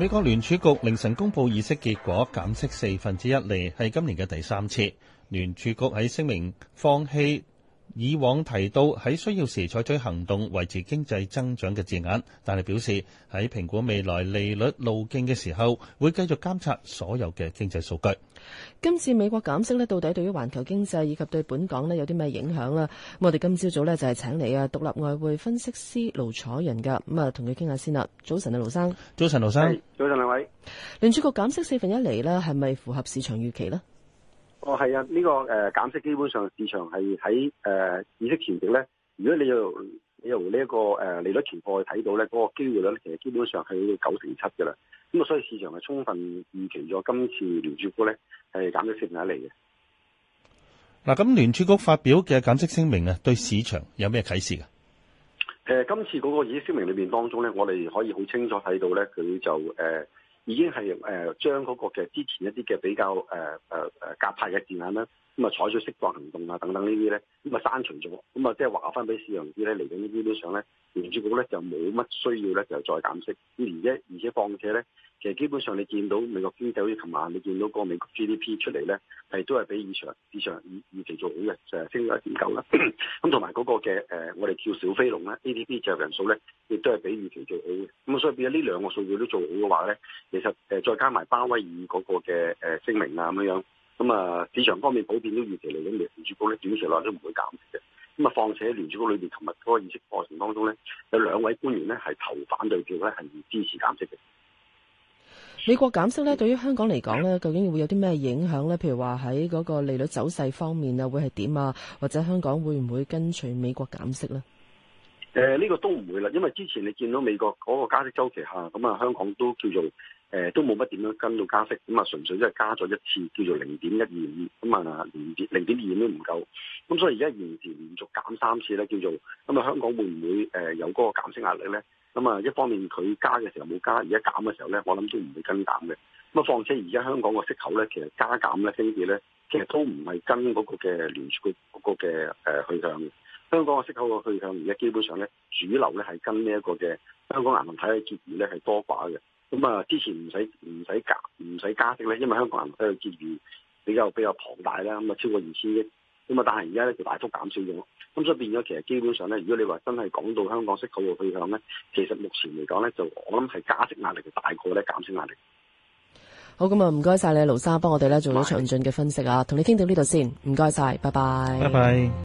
美國聯儲局凌晨公布議息結果減，減息四分之一厘，係今年嘅第三次。聯儲局喺聲明放棄以往提到喺需要時採取行動維持經濟增長嘅字眼，但係表示喺評估未來利率路徑嘅時候，會繼續監察所有嘅經濟數據。今次美國減息咧，到底對於環球經濟以及對本港咧有啲咩影響啦？我哋今朝早咧就係請嚟啊，獨立外匯分析師盧楚仁噶，咁啊同佢傾下先啦。早晨啊，盧生，早生，早晨盧生，早晨兩位，聯儲局減息四分一厘咧，係咪符合市場預期咧？哦，係啊，呢、這個誒、呃、減息基本上市場係喺誒意識前值咧。如果你由你由呢、這、一個誒、呃、利率期貨去睇到咧，嗰、那個機會率其實基本上係九成七嘅啦。咁啊，所以市場係充分預期咗今次聯儲局咧係減息息下嚟嘅。嗱、啊，咁聯儲局發表嘅減息聲明咧、啊，對市場有咩啟示嘅？誒、呃，今次嗰個議息聲明裏面當中咧，我哋可以好清楚睇到咧，佢就誒。呃已經係誒將嗰個嘅之前一啲嘅比較誒誒誒鴿派嘅字眼啦。咁啊採取釋放行動啊等等呢啲咧，咁啊刪除咗，咁啊即係話翻俾市場知咧嚟緊呢啲都上咧，聯儲局咧就冇乜需要咧就再減息。咁而且，而且況且咧，其實基本上你見到美國經濟好似琴晚你見到個美國 GDP 出嚟咧，係都係比以上以前、以預期做好嘅，就係升咗一點九啦。咁同埋嗰個嘅誒，我哋叫小飛龍啦 ADP 就業人數咧，亦都係比預期做好嘅。咁所以變咗呢兩個數據都做好嘅話咧，其實誒再加埋鮑威爾嗰個嘅誒聲明啊咁樣。咁啊，市場方面普遍都預期嚟緊聯儲局咧短期內都唔會減息嘅。咁啊，況且聯儲局裏邊尋日嗰個議息過程當中咧，有兩位官員咧係投反對票咧，係支持減息嘅。美國減息咧，對於香港嚟講咧，究竟會有啲咩影響咧？譬如話喺嗰個利率走勢方面啊，會係點啊？或者香港會唔會跟隨美國減息咧？誒、呃，呢、這個都唔會啦，因為之前你見到美國嗰個加息周期下，咁啊，香港都叫做。誒都冇乜點樣跟到加息，咁啊純粹即係加咗一次，叫做零點一二五。咁啊零點零點二五都唔夠，咁所以而家延遲連續減三次咧，叫做咁啊香港會唔會有嗰個減息壓力咧？咁啊一方面佢加嘅時候冇加，而家減嘅時候咧，我諗都唔會跟減嘅。咁啊況且而家香港個息口咧，其實加減咧，跟住咧，其實都唔係跟嗰個嘅聯儲局嗰嘅誒去向嘅。香港個息口個去向而家基本上咧，主流咧係跟呢一個嘅香港銀行體嘅結餘咧係多寡嘅。咁啊，之前唔使唔使加唔使加息咧，因為香港銀行結餘比較比較龐大啦，咁啊超過二千億，咁啊但係而家咧就大幅減少咗，咁所以變咗其實基本上咧，如果你話真係講到香港息口嘅趨向咧，其實目前嚟講咧就我諗係加息壓力大過咧減息壓力。好，咁啊唔該晒你，盧生幫我哋咧做咗詳盡嘅分析啊，同 Bye. 你傾到呢度先，唔該晒，拜拜。拜拜。